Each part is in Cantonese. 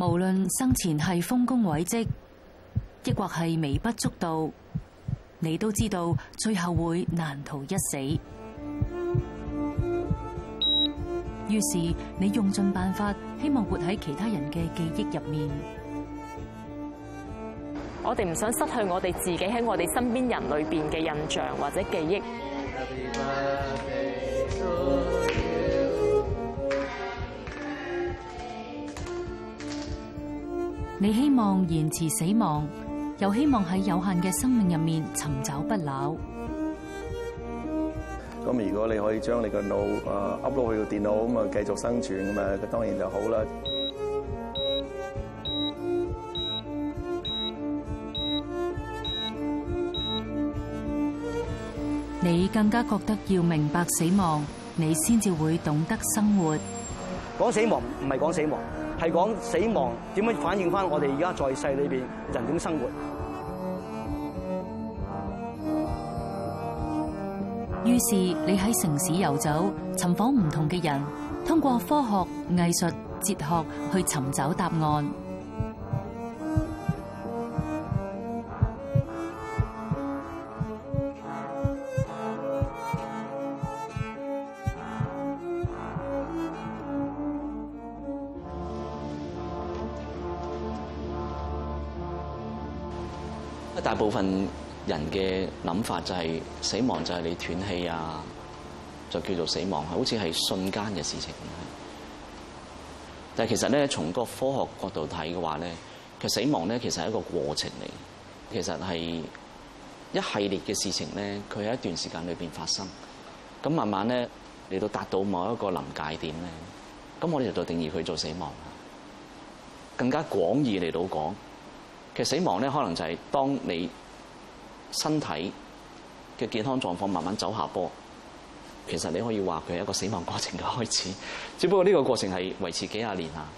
無論生前係豐功偉績，抑或係微不足道，你都知道最後會難逃一死。於是你用盡辦法，希望活喺其他人嘅記憶入面。我哋唔想失去我哋自己喺我哋身邊人裏邊嘅印象或者記憶。你希望延遲死亡，又希望喺有限嘅生命入面尋找不朽。咁如果你可以將你個腦啊 upload 去個電腦咁啊繼續生存咁啊，當然就好啦。你更加覺得要明白死亡，你先至會懂得生活。講死亡唔係講死亡。係講死亡點樣反映翻我哋而家在世裏面人點生活。於是你喺城市遊走，尋訪唔同嘅人，通過科學、藝術、哲學去尋找答案。大部分人嘅諗法就係死亡就係你斷氣啊，就叫做死亡，好似係瞬間嘅事情。但係其實咧，從個科學角度睇嘅話咧，其實死亡咧其實係一個過程嚟，其實係一系列嘅事情咧，佢喺一段時間裏邊發生，咁慢慢咧嚟，到達到某一個臨界點咧，咁我哋就定義佢做死亡。更加廣義嚟到講。其實死亡咧，可能就係當你身體嘅健康狀況慢慢走下坡，其實你可以話佢係一個死亡過程嘅開始。只不過呢個過程係維持了幾廿年啊。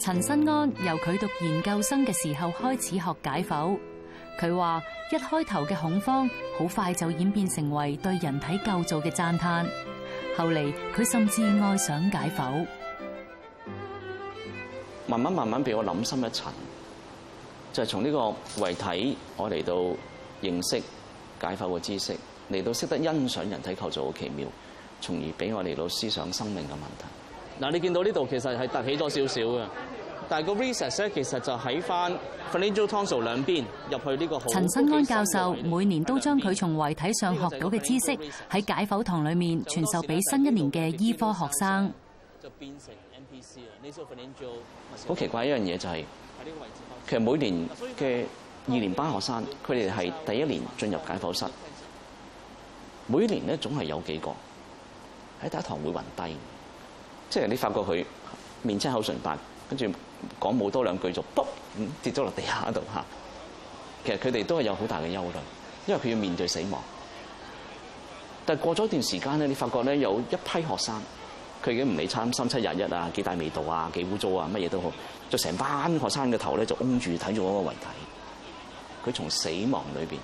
陳新安由佢讀研究生嘅時候開始學解剖。佢話一開頭嘅恐慌，好快就演變成為對人體構造嘅讚嘆。後嚟佢甚至愛上解剖。慢慢慢慢俾我諗深一層，就係從呢個遺體，我嚟到認識解剖嘅知識，嚟到識得欣賞人體構造嘅奇妙，從而俾我嚟到思想生命嘅問題。嗱，你見到呢度其實係凸起多少少嘅。但係個 research 咧，其實就喺翻 financial console 兩邊入去呢個。陳新安教授每年都將佢從遺體上學到嘅知識喺解剖堂裡面傳授俾新一年嘅醫科學生。就變成 NPC 啊，呢好奇怪一樣嘢就係、是，其實每年嘅二年班學生，佢哋係第一年進入解剖室，每年咧總係有幾個喺第一堂會暈低，即係你發覺佢面青口唇白。跟住講冇多兩句，就卜咁跌咗落地下度嚇。其實佢哋都係有好大嘅憂慮，因為佢要面對死亡。但係過咗一段時間咧，你發覺咧有一批學生，佢已經唔理三七廿一啊，幾大味道啊，幾污糟啊，乜嘢都好，就成班學生嘅頭咧就擁住睇住嗰個遺體。佢從死亡裏面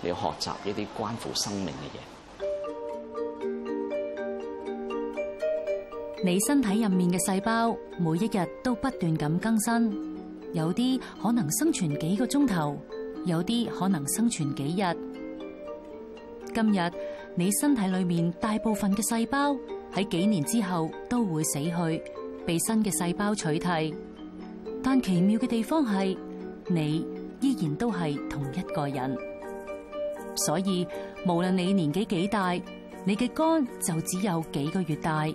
你要學習一啲關乎生命嘅嘢。你身體入面嘅細胞每一日都不斷咁更新，有啲可能生存幾個鐘頭，有啲可能生存幾日。今日你身體裏面大部分嘅細胞喺幾年之後都會死去，被新嘅細胞取替。但奇妙嘅地方係，你依然都係同一個人。所以無論你年紀幾大，你嘅肝就只有幾個月大。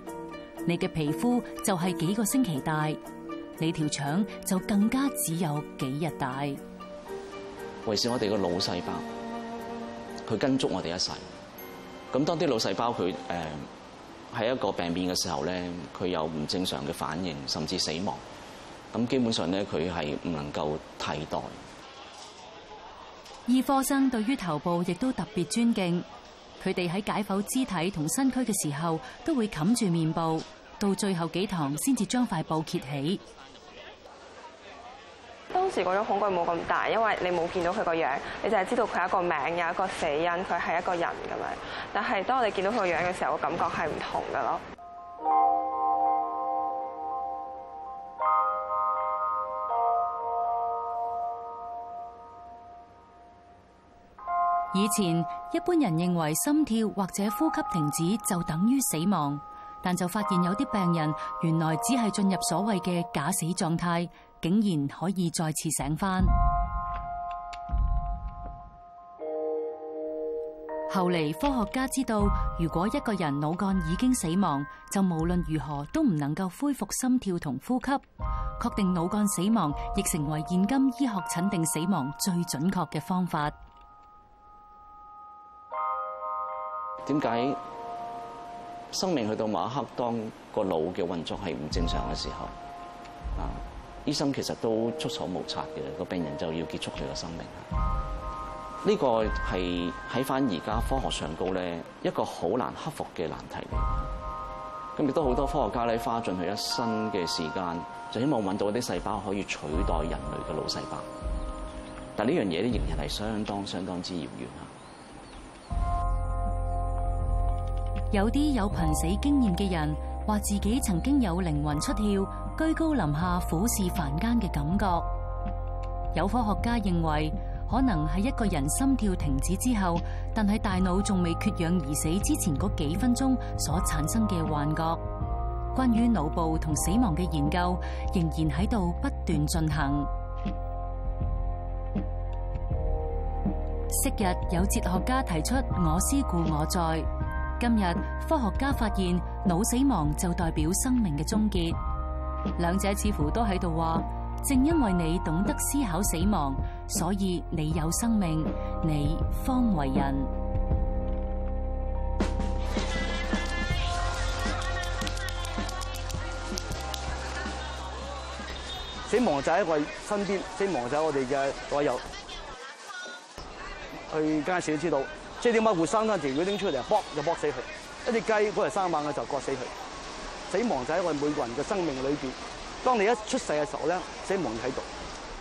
你嘅皮膚就係幾個星期大，你條腸就更加只有幾日大。維持我哋個腦細胞，佢跟足我哋一世。咁當啲腦細胞佢誒喺一個病變嘅時候咧，佢有唔正常嘅反應，甚至死亡。咁基本上咧，佢係唔能夠替代。醫科生對於頭部亦都特別尊敬。佢哋喺解剖肢體同身軀嘅時候，都會冚住面部，到最後幾堂先至將塊布揭起。當時嗰種恐懼冇咁大，因為你冇見到佢個樣，你就係知道佢係一個名，有一個死因，佢係一個人咁樣。但係當我哋見到佢個樣嘅時候，個感覺係唔同嘅咯。以前一般人認為心跳或者呼吸停止就等於死亡，但就發現有啲病人原來只係進入所謂嘅假死狀態，竟然可以再次醒翻。後嚟科學家知道，如果一個人腦幹已經死亡，就無論如何都唔能夠恢復心跳同呼吸。確定腦幹死亡，亦成為現今醫學診定死亡最準確嘅方法。點解生命去到某一刻，當個腦嘅運作係唔正常嘅時候，啊，醫生其實都束手無策嘅，個病人就要結束佢嘅生命。呢個係喺翻而家科學上高咧，一個好難克服嘅難題。咁亦都好多科學家咧，花盡佢一生嘅時間，就希望搵到一啲細胞可以取代人類嘅腦細胞。但呢樣嘢咧，仍然係相當相當之遙遠啊！有啲有瀕死經驗嘅人話自己曾經有靈魂出竅，居高臨下俯視凡間嘅感覺。有科學家認為，可能係一個人心跳停止之後，但係大腦仲未缺氧而死之前嗰幾分鐘所產生嘅幻覺。關於腦部同死亡嘅研究仍然喺度不斷進行。昔日有哲學家提出：我思故我在。今日科學家發現腦死亡就代表生命嘅終結，兩者似乎都喺度話：正因為你懂得思考死亡，所以你有生命，你方為人。死亡就喺我身邊，死亡就喺我哋嘅左右。去街市知道。即係點解活生生條魚拎出嚟，剝就剝死佢；一隻雞攞嚟生猛嘅就割死佢。死亡就喺我哋每個人嘅生命裏邊。當你一出世嘅時候咧，死亡喺度。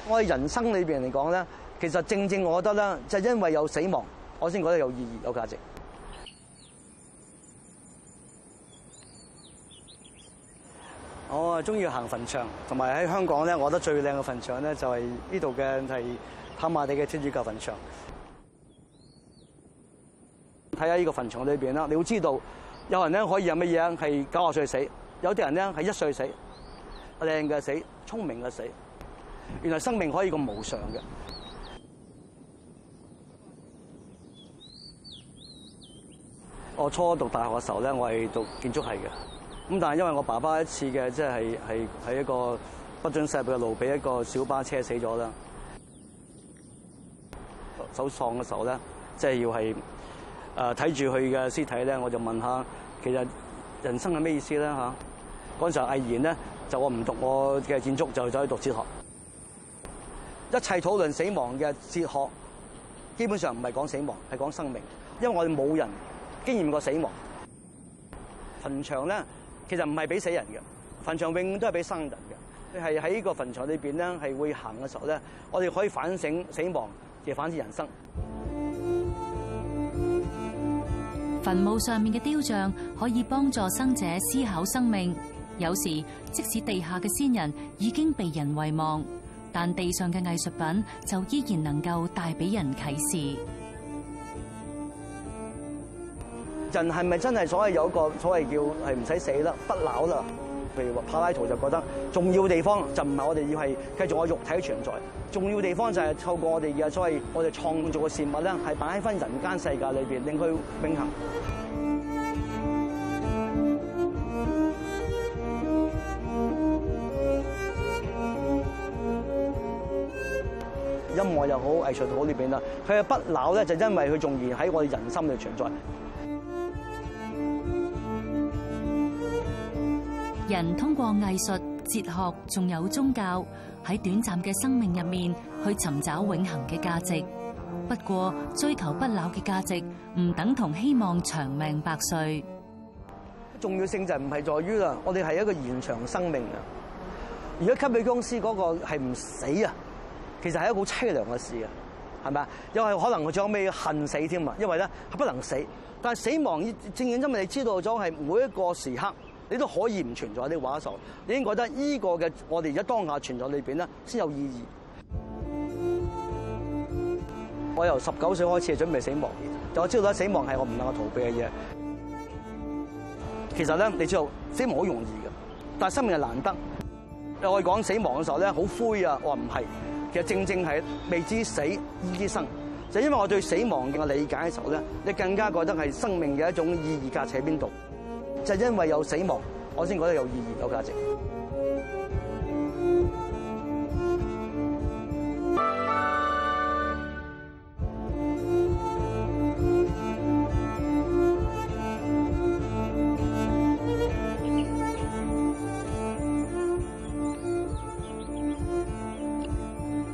我哋人生裏邊嚟講咧，其實正正我覺得咧，就係因為有死亡，我先覺得有意義、有價值。我啊中意行墳場，同埋喺香港咧，我覺得最靚嘅墳場咧就係呢度嘅係跑馬地嘅天主教墳場。睇下呢個墳場裏邊啦，你會知道有人咧可以有乜嘢，係九十歲死；有啲人咧係一歲死，靚嘅死，聰明嘅死。原來生命可以咁無常嘅。我初讀大學嘅時候咧，我係讀建築系嘅。咁但係因為我爸爸一次嘅即係係係喺一個不准駛入嘅路俾一個小巴車死咗啦。走喪嘅時候咧，即係要係。誒睇住佢嘅屍體咧，我就問下其實人生係咩意思咧嚇？嗰陣時毅然咧就我唔讀我嘅建築，就走去讀哲學。一切討論死亡嘅哲學，基本上唔係講死亡，係講生命，因為我哋冇人經驗過死亡。墳場咧其實唔係俾死人嘅，墳場永遠都係俾生人嘅。你係喺呢個墳場裏邊咧係會行嘅時候咧，我哋可以反省死亡，亦反思人生。墳墓上面嘅雕像可以幫助生者思考生命。有時即使地下嘅先人已經被人遺忘，但地上嘅藝術品就依然能夠帶俾人啟示。人係咪真係所謂有一個所謂叫係唔使死啦，不朽啦？譬如話，柏拉圖就覺得重要地方就唔係我哋要係繼續我肉體嘅存在，重要地方就係透過我哋嘅所謂我哋創造嘅事物咧，係擺喺翻人間世界裏邊，令佢永恆。音樂又好，藝術好呢邊啦，佢嘅不朽咧就因為佢仲而喺我哋人心度存在。人通過藝術、哲學，仲有宗教，喺短暫嘅生命入面去尋找永恆嘅價值。不過追求不朽嘅價值，唔等同希望長命百歲。重要性就唔係在於啦，我哋係一個延長生命啊！而家科技公司嗰個係唔死啊，其實係一個好淒涼嘅事啊，係咪啊？因為可能佢將尾恨死添啊，因為咧係不能死。但係死亡，正正因為你知道咗係每一個時刻。你都可以唔存在啲畫上，你已經覺得依個嘅我哋而家當下存在裏面咧，先有意義。我由十九歲開始準備死亡，但我知道咧死亡係我唔能夠逃避嘅嘢。其實咧，你知道死亡好容易嘅，但係生命係難得。我講死亡嘅時候咧，好灰啊。我話唔係，其實正正係未知死，依知生，就是、因為我對死亡嘅理解嘅時候咧，你更加覺得係生命嘅一種意義價值喺邊度。就係因為有死亡，我先覺得有意義、有價值。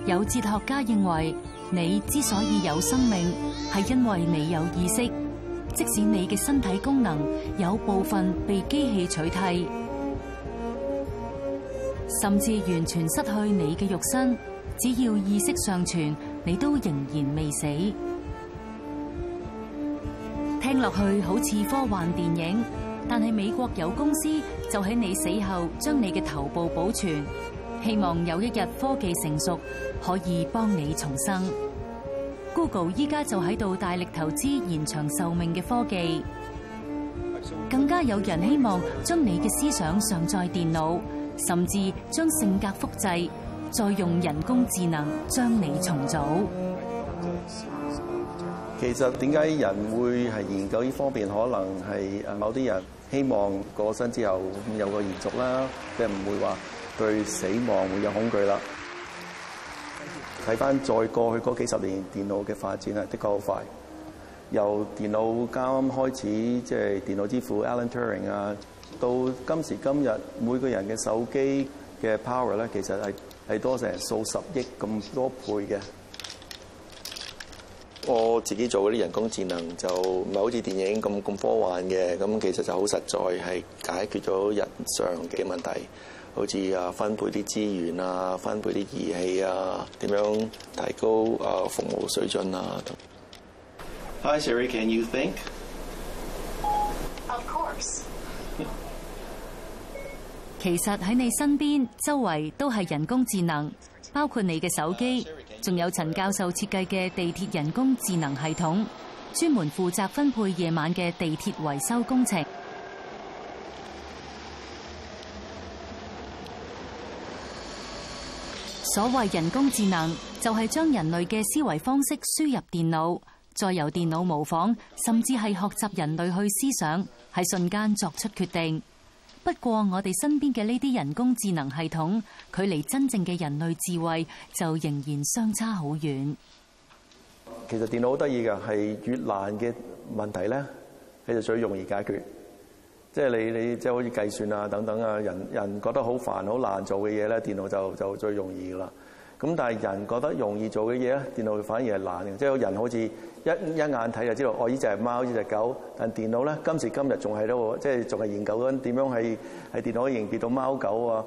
有哲學家認為，你之所以有生命，係因為你有意識。即使你嘅身體功能有部分被機器取代，甚至完全失去你嘅肉身，只要意識尚存，你都仍然未死。聽落去好似科幻電影，但係美國有公司就喺你死後將你嘅頭部保存，希望有一日科技成熟，可以幫你重生。Google 依家就喺度大力投資延長壽命嘅科技，更加有人希望將你嘅思想上載電腦，甚至將性格複製，再用人工智能將你重組。其實點解人會係研究呢方面？可能係誒某啲人希望過身之後有個延續啦，即係唔會話對死亡會有恐懼啦。睇翻再過去嗰幾十年電腦嘅發展咧，的確好快。由電腦啱啱開始，即係電腦之父 Alan Turing 啊，到今時今日，每個人嘅手機嘅 power 咧，其實係係多成數十億咁多倍嘅。我自己做嗰啲人工智能就唔係好似電影咁咁科幻嘅，咁其實就好實在，係解決咗日常嘅問題。好似啊，分配啲資源啊，分配啲儀器啊，點樣提高啊服務水準啊？Hi Siri，can you think？Of course。其實喺你身邊周圍都係人工智能，包括你嘅手機，仲有陳教授設計嘅地鐵人工智能系統，專門負責分配夜晚嘅地鐵維修工程。所謂人工智能，就係、是、將人類嘅思維方式輸入電腦，再由電腦模仿，甚至係學習人類去思想，喺瞬間作出決定。不過我哋身邊嘅呢啲人工智能系統，距離真正嘅人類智慧就仍然相差好遠。其實電腦好得意㗎，係越難嘅問題咧，其實最容易解決。即係你你即係好似計算啊等等啊，人人覺得好煩好難做嘅嘢咧，電腦就就最容易噶啦。咁但係人覺得容易做嘅嘢咧，電腦反而係難嘅。即係人好似一一眼睇就知道，哦呢隻係貓，呢隻狗。但電腦咧，今時今日仲係都即係仲係研究緊點樣係喺電腦可以認別到貓狗啊。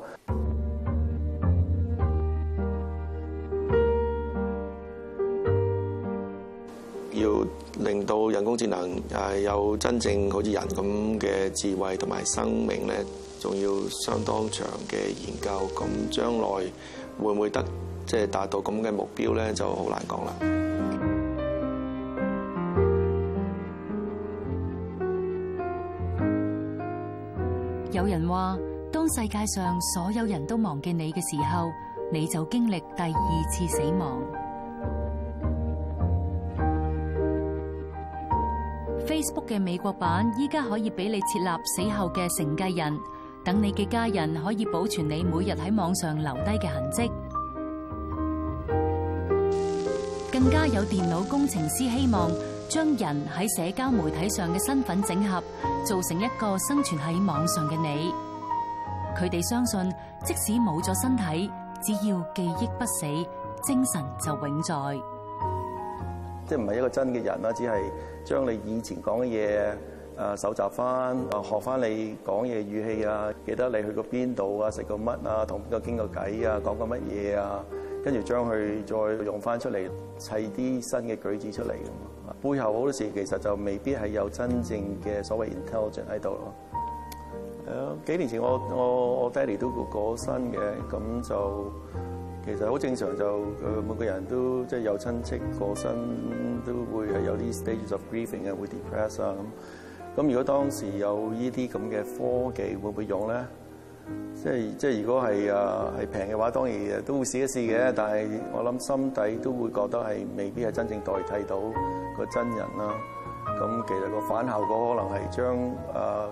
令到人工智能誒有真正好似人咁嘅智慧同埋生命咧，仲要相當長嘅研究。咁將來會唔會得即係達到咁嘅目標咧，就好難講啦。有人話，當世界上所有人都忘記你嘅時候，你就經歷第二次死亡。Facebook 嘅美國版依家可以俾你設立死後嘅承繼人，等你嘅家人可以保存你每日喺網上留低嘅痕跡。更加有電腦工程師希望將人喺社交媒體上嘅身份整合，做成一個生存喺網上嘅你。佢哋相信，即使冇咗身體，只要記憶不死，精神就永在。即係唔係一個真嘅人啦，只係。將你以前講嘅嘢，誒蒐集翻，學翻你講嘢語氣啊，記得你去過邊度啊，食過乜啊，同邊個傾過偈啊，講過乜嘢啊，跟住將佢再用翻出嚟砌啲新嘅句子出嚟咁，背後好多時其實就未必係有真正嘅所謂 intelligence 喺度咯。係啊，幾年前我我我爹哋都過身嘅，咁就。其實好正常，就每個人都即係有親戚過身，都會係有啲 stage of grieving 啊，會 depress 啊咁。咁如果當時有呢啲咁嘅科技會唔會用咧？即係即係如果係啊係平嘅話，當然都會試一試嘅。但係我諗心底都會覺得係未必係真正代替到個真人啦。咁其實個反效果可能係將、uh,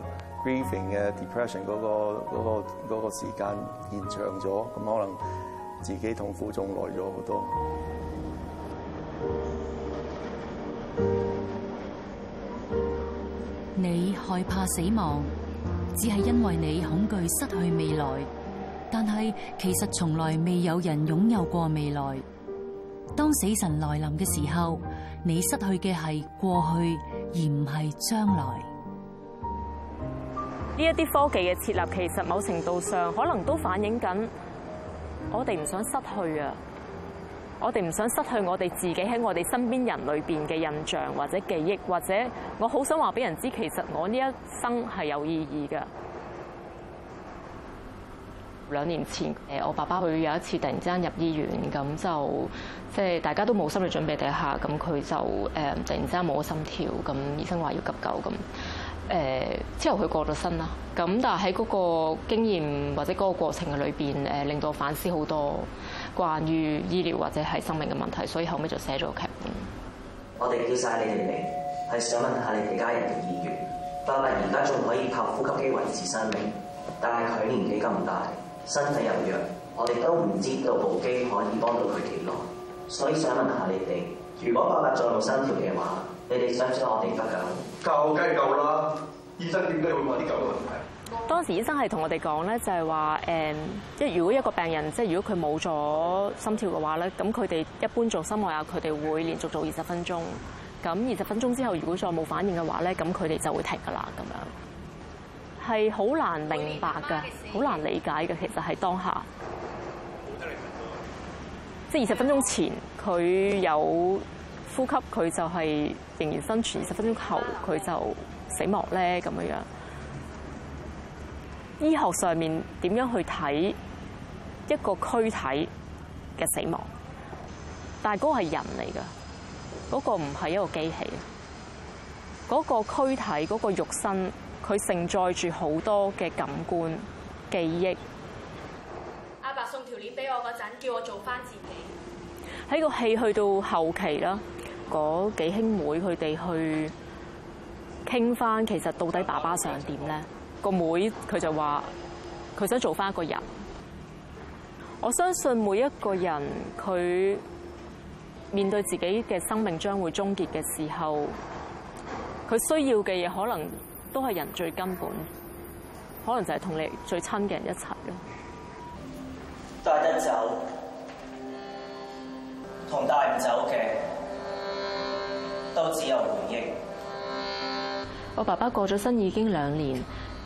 grieving 嘅 depression 嗰個嗰個嗰個時間延長咗，咁可能。自己痛苦中來咗好多。你害怕死亡，只係因為你恐懼失去未來。但係其實從來未有人擁有過未來。當死神來臨嘅時候，你失去嘅係過去，而唔係將來。呢一啲科技嘅設立，其實某程度上可能都反映緊。我哋唔想失去啊！我哋唔想失去我哋自己喺我哋身邊人裏邊嘅印象或者記憶，或者我好想話俾人知，其實我呢一生係有意義嘅。兩年前，誒，我爸爸佢有一次突然之間入醫院，咁就即係大家都冇心理準備底下，咁佢就誒突然之間冇咗心跳，咁醫生話要急救咁。誒之後佢過咗身啦，咁但係喺嗰個經驗或者嗰個過程嘅裏邊，令到我反思好多關於醫療或者係生命嘅問題，所以後尾就寫咗個劇本我。我哋叫晒你哋嚟，係想問下你哋家人嘅意願。伯伯而家仲可以靠呼吸機維持生命，但係佢年紀咁大，身體又弱，我哋都唔知道部機可以幫到佢幾耐，所以想問下你哋，如果伯伯再冇心跳嘅話，你哋想唔想我哋不緊？救梗係救啦，醫生點解會話啲狗嘅問題？當時醫生係同我哋講咧，就係話誒，即係如果一個病人，即係如果佢冇咗心跳嘅話咧，咁佢哋一般做心外壓，佢哋會連續做二十分鐘。咁二十分鐘之後，如果再冇反應嘅話咧，咁佢哋就會停㗎啦，咁樣係好難明白㗎，好難理解嘅。其實係當下，即係二十分鐘前佢有呼吸佢就係仍然生存，二十分鐘後佢就死亡咧，咁樣樣。醫學上面點樣去睇一個軀體嘅死亡？但係嗰個係人嚟㗎，嗰個唔係一個機器。嗰個軀體、嗰個肉身，佢承載住好多嘅感官記憶。阿伯送條鏈俾我嗰陣，叫我做返自己。喺個戲去到後期啦。嗰幾兄妹佢哋去傾翻，其實到底爸爸想點咧？個妹佢就話：佢想做翻一個人。我相信每一個人佢面對自己嘅生命將會終結嘅時候，佢需要嘅嘢可能都係人最根本，可能就係同你最親嘅人一齊咯。帶得走同帶唔走嘅。都只有回憶。我爸爸過咗身已經兩年，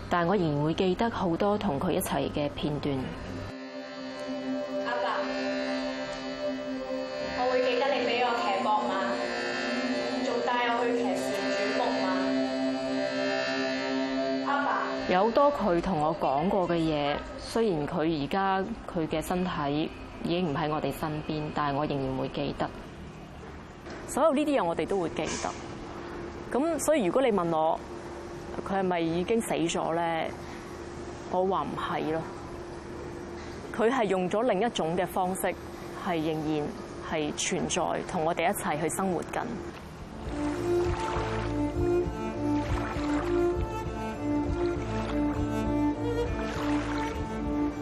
但我仍然會記得好多同佢一齊嘅片段。阿爸，爸，我會記得你俾我騎膊馬，仲帶我去騎旋轉木馬。阿爸，爸，有好多佢同我講過嘅嘢，雖然佢而家佢嘅身體已經唔喺我哋身邊，但係我仍然會記得。所有呢啲嘢，我哋都會記得，咁所以如果你問我佢係咪已經死咗咧？我話唔係咯，佢係用咗另一種嘅方式，係仍然係存在同我哋一齊去生活緊。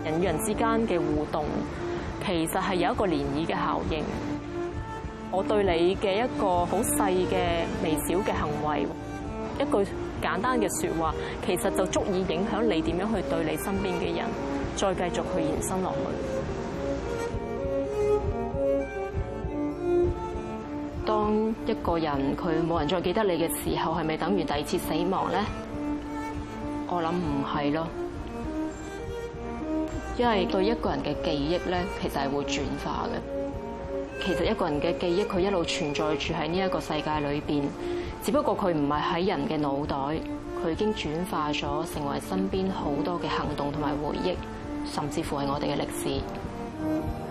人與人之間嘅互動，其實，係有一個漣漪嘅效應。我對你嘅一個好細嘅微小嘅行為，一句簡單嘅說話，其實就足以影響你點樣去對你身邊嘅人，再繼續去延伸落去。當一個人佢冇人再記得你嘅時候，係咪等於第二次死亡呢？我諗唔係咯，因為對一個人嘅記憶呢，其實係會轉化嘅。其實一個人嘅記憶，佢一路存在住喺呢一個世界裏邊，只不過佢唔係喺人嘅腦袋，佢已經轉化咗成為身邊好多嘅行動同埋回憶，甚至乎係我哋嘅歷史。